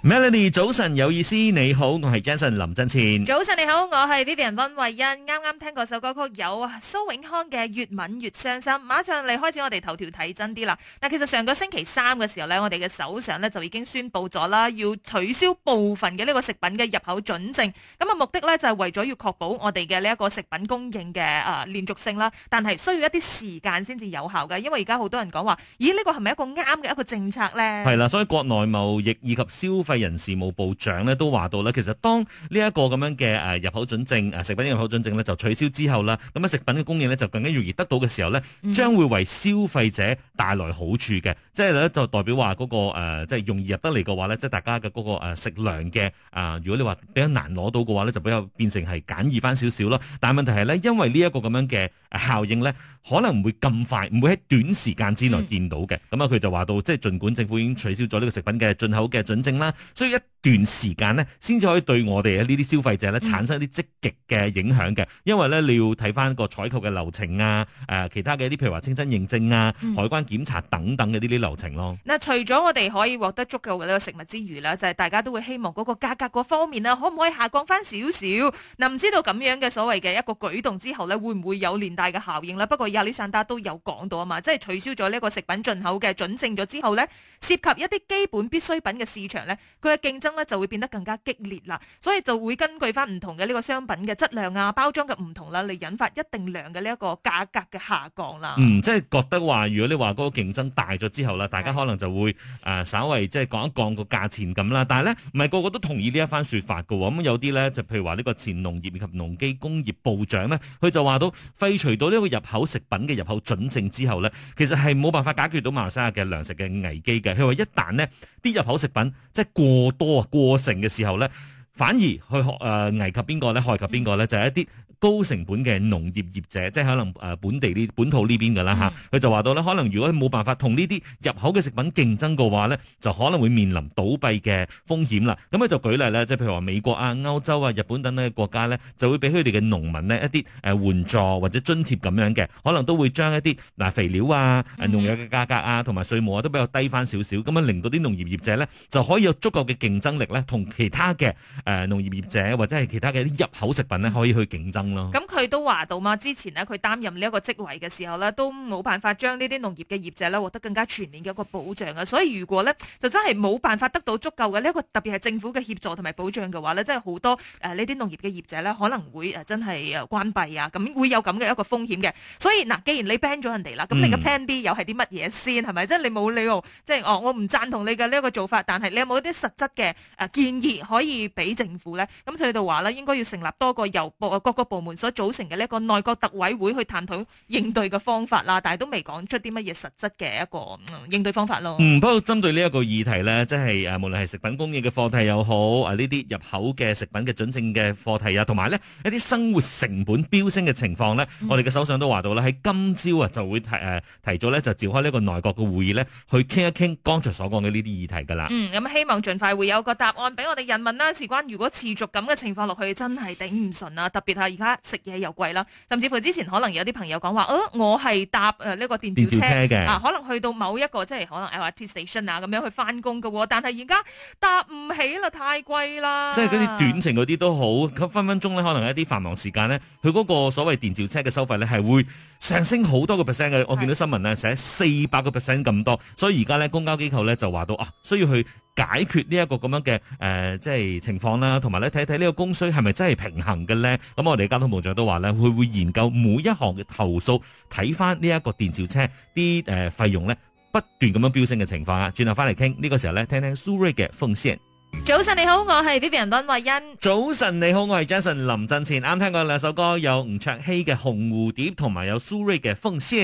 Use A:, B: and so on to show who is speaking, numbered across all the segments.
A: Melody，早晨有意思，你好，我係 Jason 林振前。
B: 早晨你好，我係 Vivian 溫慧欣。啱啱聽過首歌曲有蘇永康嘅《越吻越傷心》，馬上嚟，開始我哋頭條睇真啲啦。嗱，其實上個星期三嘅時候呢，我哋嘅首相呢就已經宣佈咗啦，要取消部分嘅呢個食品嘅入口准證。咁啊，目的呢，就係為咗要確保我哋嘅呢一個食品供應嘅啊連續性啦。但係需要一啲時間先至有效嘅，因為而家好多人講話，咦，呢個係咪一個啱嘅一個政策呢？係
A: 啦，所以國內貿易以及消費消費人事務部長咧都話到咧，其實當呢一個咁樣嘅誒入口準證食品嘅入口準證咧就取消之後啦，咁啊食品嘅供應咧就更加容易得到嘅時候咧，將會為消費者帶來好處嘅，嗯、即係咧就代表話嗰、那個誒、呃、即係容易入得嚟嘅話咧，即係大家嘅嗰個誒食糧嘅啊，如果你話比較難攞到嘅話咧，就比較變成係簡易翻少少咯。但係問題係咧，因為呢一個咁樣嘅。效應咧，可能唔會咁快，唔會喺短時間之內見到嘅。咁啊、嗯，佢就話到，即係儘管政府已經取消咗呢個食品嘅進口嘅準證啦，所以一。段時間呢先至可以對我哋呢啲消費者呢產生一啲積極嘅影響嘅，因為呢你要睇翻個採購嘅流程啊，誒、呃，其他嘅一啲譬如話清真認證啊、嗯、海關檢查等等嘅呢啲流程咯。
B: 嗱，除咗我哋可以獲得足夠嘅呢個食物之餘呢就係、是、大家都會希望嗰個價格嗰方面咧、啊，可唔可以下降翻少少？嗱、啊，唔知道咁樣嘅所謂嘅一個舉動之後呢，會唔會有連帶嘅效應啦。不過亞歷山達都有講到啊嘛，即係取消咗呢個食品進口嘅准證咗之後呢，涉及一啲基本必需品嘅市場呢，佢嘅競爭。就會變得更加激烈啦，所以就會根據返唔同嘅呢個商品嘅質量啊、包裝嘅唔同啦，嚟引發一定量嘅呢一個價格嘅下降啦。嗯，
A: 即係覺得話，如果你話嗰個競爭大咗之後啦，是大家可能就會誒、呃、稍為即係降一降個價錢咁啦。但係咧，唔係個個都同意這說、嗯、呢一番說法嘅喎。咁有啲咧，就譬如話呢個前農業及農機工業部長咧，佢就話到廢除到呢個入口食品嘅入口準證之後咧，其實係冇辦法解決到馬來西亞嘅糧食嘅危機嘅。佢話一旦呢啲入口食品即係過多。過程嘅時候咧，反而去學誒危及邊個咧，害及邊個咧，就係一啲高成本嘅農業業者，即係可能誒本地呢本土呢邊㗎啦嚇，佢就話到咧，可能如果冇辦法同呢啲入口嘅食品競爭嘅話呢就可能會面臨倒閉嘅風險啦。咁佢就舉例咧，即係譬如話美國啊、歐洲啊、日本等等嘅國家呢就會俾佢哋嘅農民呢一啲誒援助或者津貼咁樣嘅，可能都會將一啲嗱肥料啊、農藥嘅價格啊同埋稅務啊都比較低翻少少，咁樣令到啲農業業者呢，就可以有足夠嘅競爭力呢同其他嘅誒農業業者或者係其他嘅啲入口食品呢，可以去競爭。咁
B: 佢、嗯、都話到嘛，之前呢，佢擔任呢一個職位嘅時候呢，都冇辦法將呢啲農業嘅業者呢獲得更加全面嘅一個保障啊！所以如果呢，就真係冇辦法得到足夠嘅呢個特別係政府嘅協助同埋保障嘅話呢，真係好多呢啲農業嘅業者呢可能會真係關閉啊！咁會有咁嘅一個風險嘅。所以嗱，既然你，你 ban 咗人哋啦，咁、嗯、你嘅 plan B 又係啲乜嘢先係咪？即係你冇理由即係、就是哦、我唔贊同你嘅呢個做法，但係你有冇一啲實質嘅建議可以俾政府呢？咁佢就話咧，應該要成立多個由啊各個部部門所組成嘅呢一個內閣特委會去探討應對嘅方法啦，但係都未講出啲乜嘢實質嘅一個應對方法咯。嗯，
A: 不過針對呢一個議題咧，即係誒，無論係食品供應嘅課題又好啊，呢啲入口嘅食品嘅准證嘅課題啊，同埋呢一啲生活成本飆升嘅情況呢，嗯、我哋嘅首相都話到啦，喺今朝啊就會提誒、呃、提早咧就召開呢個內閣嘅會議呢，去傾一傾剛才所講嘅呢啲議題噶啦、嗯。
B: 嗯，咁希望盡快會有個答案俾我哋人民啦，事關如果持續咁嘅情況落去，真係頂唔順啊！特別係而家。食嘢又貴啦，甚至乎之前可能有啲朋友講話，哦、啊，我係搭誒呢個電召車嘅、啊，可能去到某一個即係可能 LRT station 啊咁樣去翻工喎。但係而家搭唔起啦，太貴啦。即係嗰啲
A: 短程嗰啲都好，分分鐘咧，可能一啲繁忙時間咧，佢嗰個所謂電召車嘅收費咧係會上升好多個 percent 嘅，我見到新聞咧寫四百個 percent 咁多是所、啊，所以而家咧公交機構咧就話到啊，需要去。解決呢一個咁樣嘅誒、呃，即係情況啦，同埋咧睇睇呢看看個供需係咪真係平衡嘅咧？咁、嗯、我哋交通部長都話咧，佢會，會研究每一項嘅投訴，睇翻呢一個電召車啲誒費用咧不斷咁樣飆升嘅情況啊。轉頭翻嚟傾，呢個時候咧，聽聽 Suri 嘅風聲。
B: 早晨你好，我係 Vivian 溫慧欣。
A: 早晨你好，我係 Jason 林振前。啱聽過兩首歌，有吳卓羲嘅紅蝴蝶，同埋有蘇芮嘅《奉獻》。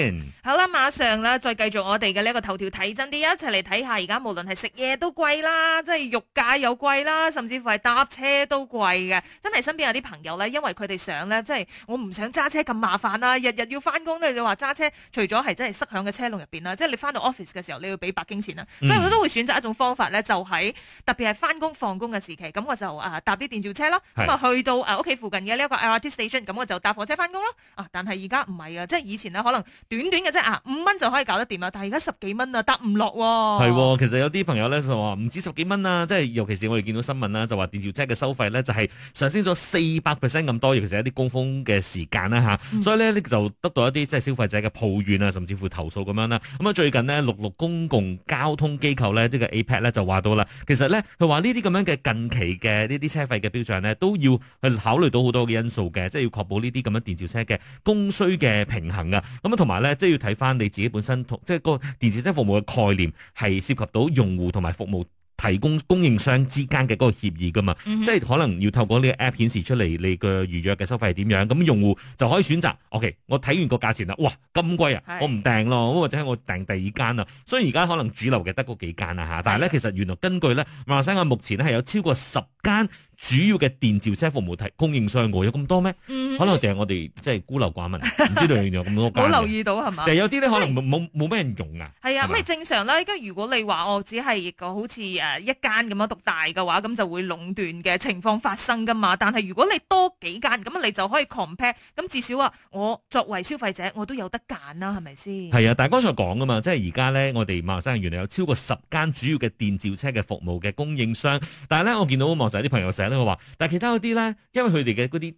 B: 好啦，馬上咧再繼續我哋嘅呢一個頭條睇真啲，一齊嚟睇下而家無論係食嘢都貴啦，即係肉價又貴啦，甚至乎係搭車都貴嘅。真係身邊有啲朋友咧，因為佢哋想咧，即係我唔想揸車咁麻煩啦，日日要翻工咧就話揸車，除咗係真係塞響嘅車龍入邊啦，即係你翻到 office 嘅時候你要俾百京錢啦，所以佢都會選擇一種方法咧，就喺特別係翻。返工放工嘅時期，咁我就啊搭啲電召車啦，咁啊是去到啊屋企附近嘅呢一個 L R T station，咁我就搭火車翻工咯。啊，但係而家唔係啊，即係以前咧可能短短嘅啫啊，五蚊就可以搞得掂啊，但係而家十幾蚊啊，搭唔落。係，
A: 其實有啲朋友咧就話唔止十幾蚊啊，即係尤其是我哋見到新聞啦，就話電召車嘅收費咧就係上升咗四百 percent 咁多，尤其是一啲高峰嘅時間啦吓，嗯、所以咧咧就得到一啲即係消費者嘅抱怨啊，甚至乎投訴咁樣啦。咁啊最近呢，六六公共交通機構咧，即個 APAD 咧就話到啦，其實咧佢玩。呢啲咁樣嘅近期嘅呢啲車費嘅標準咧，都要去考慮到好多嘅因素嘅，即係要確保呢啲咁樣電召車嘅供需嘅平衡啊。咁啊，同埋咧，即係要睇返你自己本身同即係個電召車服務嘅概念，係涉及到用戶同埋服務。提供供應商之間嘅嗰個協議噶嘛，mm hmm. 即係可能要透過呢個 app 顯示出嚟你嘅預約嘅收費係點樣，咁用戶就可以選擇。OK，我睇完個價錢啦，哇，咁貴啊，是我唔訂咯，或者我訂第二間啊。雖然而家可能主流嘅得嗰幾間啊嚇，但係咧其實原來根據咧馬來西亞目前咧係有超過十間。主要嘅電召車服務提供應商喎，我有咁多咩？嗯，嗯可能定係我哋即係孤陋寡聞，唔知道有咁多。冇 留意到
B: 係嘛？有啲呢可能
A: 冇冇咩人用啊？係啊吧，咁咪
B: 正常啦。如果你話我只係個好似一間咁樣獨大嘅話，咁就會壟斷嘅情況發生㗎嘛。但係如果你多幾間咁你就可以 compete。咁至少啊，我作為消費者，我都有得揀啦，啊，係咪先？係
A: 啊，但係剛才講㗎嘛，即係而家咧，我哋馬鞍山原來有超過十間主要嘅電召車嘅服務嘅供應商。但係咧，我見到網上啲朋友寫但其他嗰啲呢，因為佢哋嘅嗰啲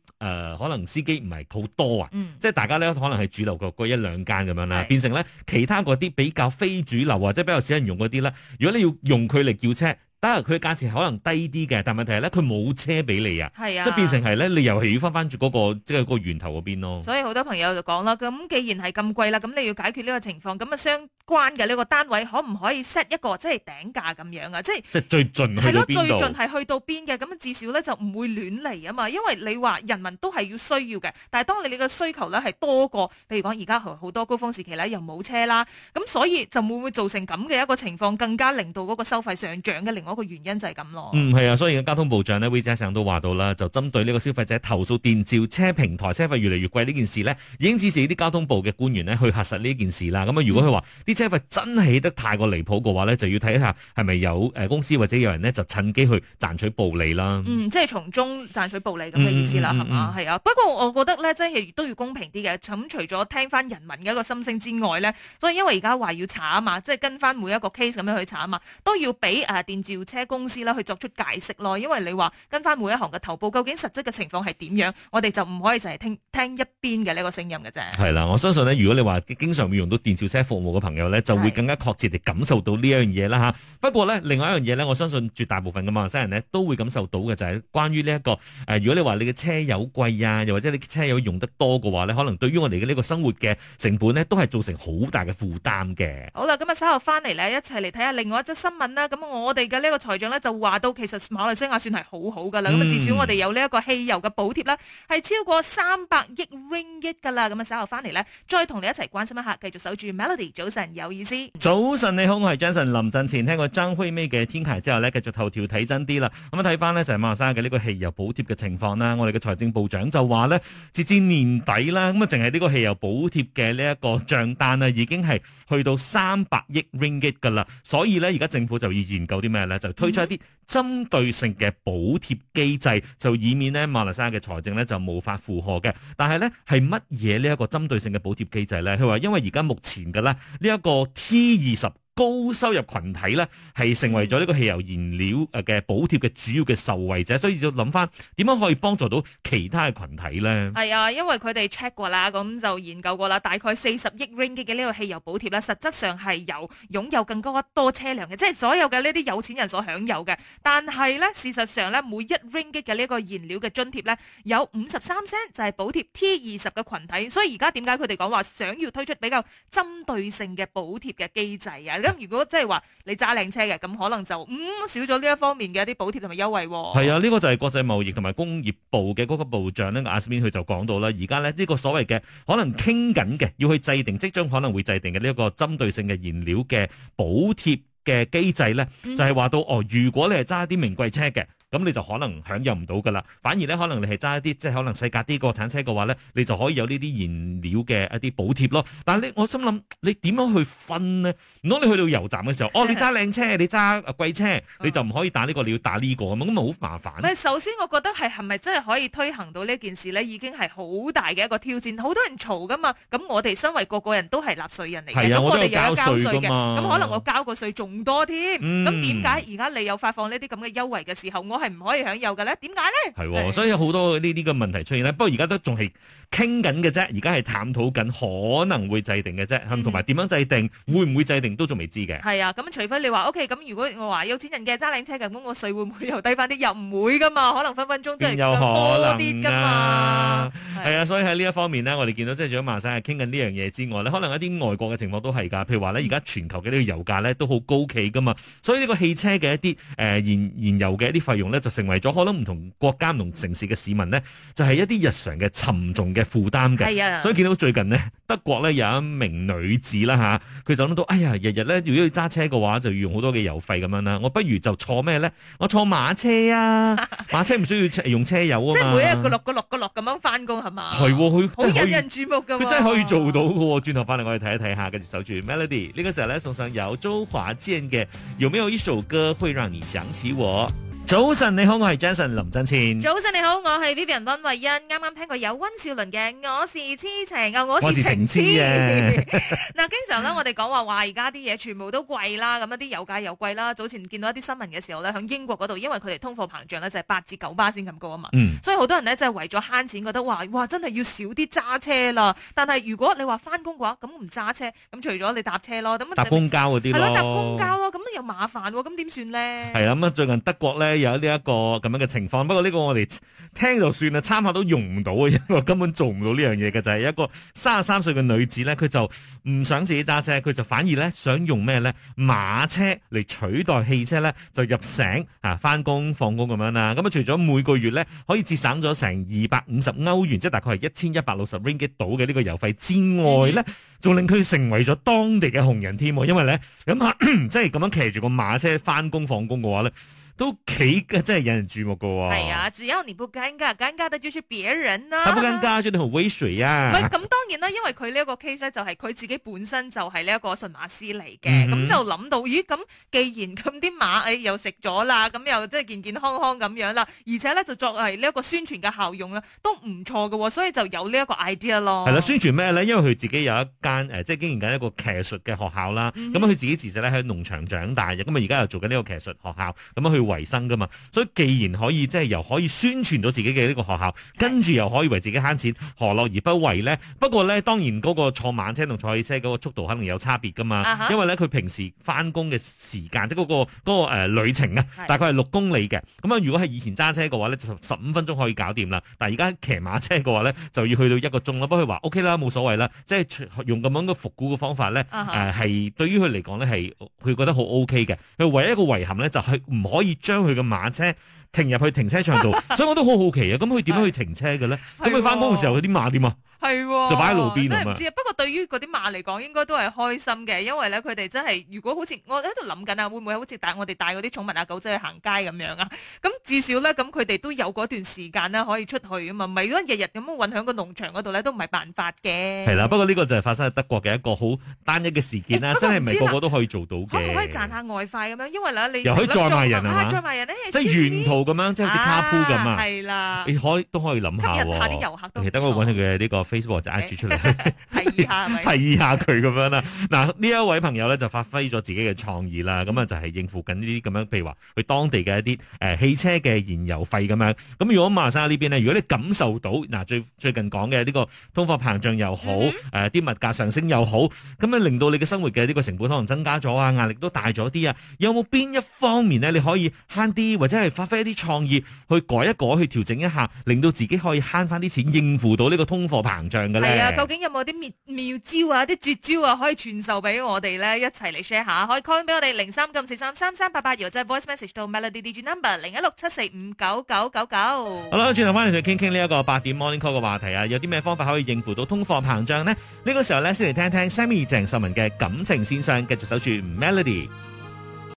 A: 誒，可能司機唔係好多啊，嗯、即係大家呢可能係主流嗰一兩間咁樣啦，是變成呢其他嗰啲比較非主流或者比較少人用嗰啲呢。如果你要用佢嚟叫車。啊！佢價錢可能低啲嘅，但問題係咧，佢冇車俾你啊，即變成係咧，你又係要翻翻住嗰個即係、就是、個源頭嗰邊咯。所
B: 以好多朋友就講啦，咁既然係咁貴啦，咁你要解決呢個情況，咁啊相關嘅呢個單位可唔可以 set 一個即係頂價咁樣啊？即
A: 係即最盡係咯，最盡
B: 係去到邊嘅？咁至少咧就唔會亂嚟啊嘛，因為你話人民都係要需要嘅，但係當你你個需求咧係多過，譬如講而家好多高峰時期咧又冇車啦，咁所以就會唔會造成咁嘅一個情況，更加令到嗰個收費上漲嘅？另外個原因就係咁
A: 咯。嗯，係啊，所以嘅交通部長呢 Wee Ka Siong 都話到啦，就針對呢個消費者投訴電召車平台車費越嚟越貴呢件事呢，已經指示啲交通部嘅官員呢去核實呢件事啦。咁啊，如果佢話啲車費真係起得太過離譜嘅話呢，就要睇一下係咪有誒公司或者有人呢就趁機去賺取暴利啦、嗯。
B: 即係從中賺取暴利咁嘅意思啦，係嘛、嗯？係啊。不過我覺得呢，即係都要公平啲嘅。咁除咗聽翻人民嘅一個心聲之外呢，所以因為而家話要查啊嘛，即係跟翻每一個 case 咁樣去查啊嘛，都要俾誒電召車公司啦，去作出解釋咯。因為你話跟翻每一行嘅頭部，究竟實質嘅情況係點樣，我哋就唔可以淨係聽聽一邊嘅呢個聲音嘅啫。
A: 係啦，我相信呢，如果你話經常會用到電召車服務嘅朋友呢，就會更加確切地感受到呢一樣嘢啦吓。的不過呢，另外一樣嘢呢，我相信絕大部分嘅馬來西亞人呢，都會感受到嘅就係、是、關於呢一個誒、呃，如果你話你嘅車油貴啊，又或者你嘅車油用得多嘅話咧，可能對於我哋嘅呢個生活嘅成本呢，都係造成很大的負擔的好大嘅負擔嘅。
B: 好啦，今日稍後翻嚟呢，一齊嚟睇下另外一則新聞啦。咁我哋嘅咧。呢個財長咧就話到，其實馬來西亞算係好好噶啦，咁啊、嗯、至少我哋有呢一個汽油嘅補貼啦，係超過三百億 ringgit 噶啦，咁啊、嗯、稍後翻嚟咧，再同你一齊關心一下，繼續守住 Melody，早晨有意
A: 思。早晨你好，我係張晨，臨陣前聽過張輝美嘅天台之後呢，繼續頭條睇真啲啦，咁啊睇翻呢，就係、是、馬來西亞嘅呢個汽油補貼嘅情況啦，我哋嘅財政部長就話呢，截至年底啦，咁啊淨係呢個汽油補貼嘅呢一個賬單咧已經係去到三百億 ringgit 噶啦，所以呢，而家政府就要研究啲咩呢？就推出一啲針對性嘅補貼機制，就以免咧馬來西亞嘅財政咧就無法負荷嘅。但係咧係乜嘢呢一個針對性嘅補貼機制咧？佢話因為而家目前嘅咧呢一個 T 二十。高收入群體咧，係成為咗呢個汽油燃料誒嘅補貼嘅主要嘅受惠者，所以要諗翻點樣可以幫助到其他嘅羣體呢？
B: 係啊、哎，因為佢哋 check 過啦，咁就研究過啦，大概四十億 ringgit 嘅呢個汽油補貼呢，實質上係由擁有更高得多車輛嘅，即係所有嘅呢啲有錢人所享有嘅。但係呢，事實上咧，每一 ringgit 嘅呢個燃料嘅津貼呢，有五十三%就係補貼 T 二十嘅群體，所以而家點解佢哋講話想要推出比較針對性嘅補貼嘅機制啊？咁如果即係話你揸靚車嘅，咁可能就唔、嗯、少咗呢一方面嘅一啲補貼同埋優惠。係
A: 啊，呢、這個就係國際貿易同埋工業部嘅嗰個部長呢，阿斯 n 佢就講到啦，而家咧呢、這個所謂嘅可能傾緊嘅，要去制定即將可能會制定嘅呢一個針對性嘅燃料嘅補貼嘅機制咧，嗯、就係話到哦，如果你係揸一啲名貴車嘅。咁你就可能享有唔到噶啦，反而咧可能你係揸一啲即係可能細格啲國產車嘅話咧，你就可以有呢啲燃料嘅一啲補貼咯。但係我心諗你點樣去分呢？唔通你去到油站嘅時候，的哦，你揸靚車，你揸貴車，你就唔可以打呢、這個，你要打呢、這個，咁咪好麻煩。
B: 首先，我覺得係係咪真係可以推行到呢件事呢？已經係好大嘅一個挑戰。好多人嘈噶嘛，咁我哋身為個個人都係納稅人嚟嘅，都各自有交稅嘅。咁可能我交個稅仲多添，咁點解而家你有發放呢啲咁嘅優惠嘅時候我係唔可以享有嘅咧？點解咧？係、
A: 哦，係，所以有好多呢呢個問題出現咧。不過現在還是而家都仲係傾緊嘅啫，而家係探討緊可能會制定嘅啫，同埋點樣制定，會唔會制定都仲未知嘅。
B: 係啊，咁除非你話 OK，咁如果我話有錢人嘅揸靚車咁，個稅會唔會又低翻啲？又唔會噶嘛，可能分分鐘真係咁多啲噶
A: 嘛。係啊，啊，所以喺呢一方面呢，我哋見到即係除咗馬生係傾緊呢樣嘢之外咧，可能一啲外國嘅情況都係噶。譬如話呢，而家全球嘅呢個油價呢都好高企噶嘛，所以呢個汽車嘅一啲誒燃燃油嘅一啲費用。咧就成為咗可能唔同國家同城市嘅市民呢，就係、是、一啲日常嘅沉重嘅負擔嘅。係啊，所以見到最近呢，德國呢有一名女子啦吓，佢、啊、就諗到，哎呀，日日咧如果要揸車嘅話，就要用好多嘅油費咁樣啦。我不如就坐咩咧？我坐馬車啊！馬車唔需要用車油喎， 即係每一個落
B: 個落個落咁樣翻工係嘛？係，
A: 佢好引人
B: 注目噶、啊。佢真係可以
A: 做到喎。轉頭翻嚟我哋睇一睇下，跟住守住 Melody 呢個時候咧，送上有周華健嘅《有沒有一首歌會讓你想起我》。早晨，你好，我係 Jason 林振倩。
B: 早晨，你好，我係 Vivian 溫慧欣。啱啱聽過有溫兆倫嘅《我是痴情》啊，我是情痴嘅。嗱， 經常咧我哋講話話而家啲嘢全部都貴啦，咁一啲有價有貴啦。早前見到一啲新聞嘅時候咧，響英國嗰度，因為佢哋通貨膨脹咧就係八至九巴先咁高啊嘛。嗯。所以好多人咧就係為咗慳錢，覺得哇哇真係要少啲揸車啦。但係如果你話翻工嘅話，咁唔揸車，咁除咗你搭車咯，咁搭公交
A: 嗰啲咯，搭公交
B: 咯，咁又麻煩，咁點算咧？
A: 係啊，咁最近德國咧。有呢一個咁樣嘅情況，不過呢個我哋聽就算啦，參考都用唔到嘅，因為根本做唔到呢樣嘢嘅，就係一個三十三歲嘅女子咧，佢就唔想自己揸車，佢就反而咧想用咩咧馬車嚟，取代汽車咧，就入城啊，翻工放工咁樣啦。咁啊，除咗每個月咧可以節省咗成二百五十歐元，即係大概係一千一百六十 ringgit 到嘅呢個油費之外咧，仲令佢成為咗當地嘅紅人添，因為咧咁即係咁樣騎住個馬車翻工放工嘅話咧。都幾嘅真係引人注目噶喎、哦！係啊、哎，
B: 只要你不尷尬，尷尬嘅就是別人啦、啊。佢不尷尬，
A: 就你很威水啊？唔係咁，
B: 當然啦，因為佢呢一個 case 咧，就係、是、佢自己本身就係呢一個馴馬師嚟嘅，咁、嗯、就諗到，咦？咁既然咁啲馬誒又食咗啦，咁又真係健健康康咁樣啦，而且咧就作為呢一個宣傳嘅效用啦，都唔錯嘅喎、哦，所以就有呢一個 idea 咯。係啦，宣
A: 傳咩咧？因為佢自己有一間誒，即係經營緊一個騎術嘅學校啦。咁佢、嗯、自己自細咧喺農場長大嘅，咁啊而家又做緊呢個騎術學校，咁佢生噶嘛，所以既然可以即係又可以宣傳到自己嘅呢個學校，跟住又可以為自己慳錢，何樂而不為呢？不過咧，當然嗰個坐馬車同坐汽車嗰個速度，可能有差別噶嘛。Uh huh. 因為咧，佢平時翻工嘅時間，即係、嗰個嗰、嗰個誒、嗰個呃、旅程啊，大概係六公里嘅。咁啊，如果係以前揸車嘅話咧，就十五分鐘可以搞掂啦。但係而家騎馬車嘅話咧，就要去到一個鐘啦。不過佢話 O K 啦，冇所謂啦。即係用咁樣嘅復古嘅方法咧，誒、uh，係、huh. 呃、對於佢嚟講咧係，佢覺得好 O K 嘅。佢唯一一個遺憾咧，就係、是、唔可以將佢嘅馬車停入停車 去停車場度，所以我都好好奇啊！咁佢點樣去停車嘅咧？咁佢翻工嘅時候，佢啲 馬點啊？
B: 係喎，就擺喺路邊啊嘛。真係唔知啊。不過對於嗰啲馬嚟講，應該都係開心嘅，因為咧佢哋真係，如果好似我喺度諗緊啊，會唔會好似帶我哋帶嗰啲寵物啊狗仔去行街咁樣啊？咁至少咧，咁佢哋都有嗰段時間咧可以出去啊嘛，唔係如果日日咁樣困喺個農場嗰度咧都唔係辦法嘅。係啦，不過
A: 呢個就係發生喺德國嘅一個好單一嘅事件啦，真係唔係個個都可以做到嘅。可以賺
B: 下外快咁樣，因為咧你又可以再賣人啊嘛，再賣人咧即係沿途
A: 咁樣，即係好似卡鋪噶嘛。係啦，你可都可以諗下喎。吸引下啲遊客都。等我搵下佢呢個。Facebook 就 I G 出嚟， 睇 下佢咁樣啦。嗱，呢一位朋友咧就發揮咗自己嘅創意啦，咁啊、嗯、就係應付緊呢啲咁樣，譬如話佢當地嘅一啲誒汽車嘅燃油費咁樣。咁如果馬生呢邊呢，如果你感受到嗱，最最近講嘅呢個通貨膨脹又好，誒啲、嗯、哼物價上升又好，咁啊令到你嘅生活嘅呢個成本可能增加咗啊，壓力都大咗啲啊，有冇邊一方面呢？你可以慳啲，或者係發揮一啲創意去改一改，去調整一下，令到自己可以慳翻啲錢應付到呢個通貨膨膨脹嘅咧，究
B: 竟有冇啲妙妙招啊、啲絕招啊，可以傳授俾我哋咧？一齊嚟 share 下，可以 comment 俾我哋零三九四三三三八八，由真 voice message 到 melody DJ number 零一六七四五九九九九。99 99好
A: 啦，轉頭翻嚟再傾傾呢一個八點 morning call 嘅話題啊，有啲咩方法可以應付到通貨膨脹呢？呢、呢個時候咧，先嚟聽聽 Sammy 鄭秀文嘅感情線上」，繼續守住 melody。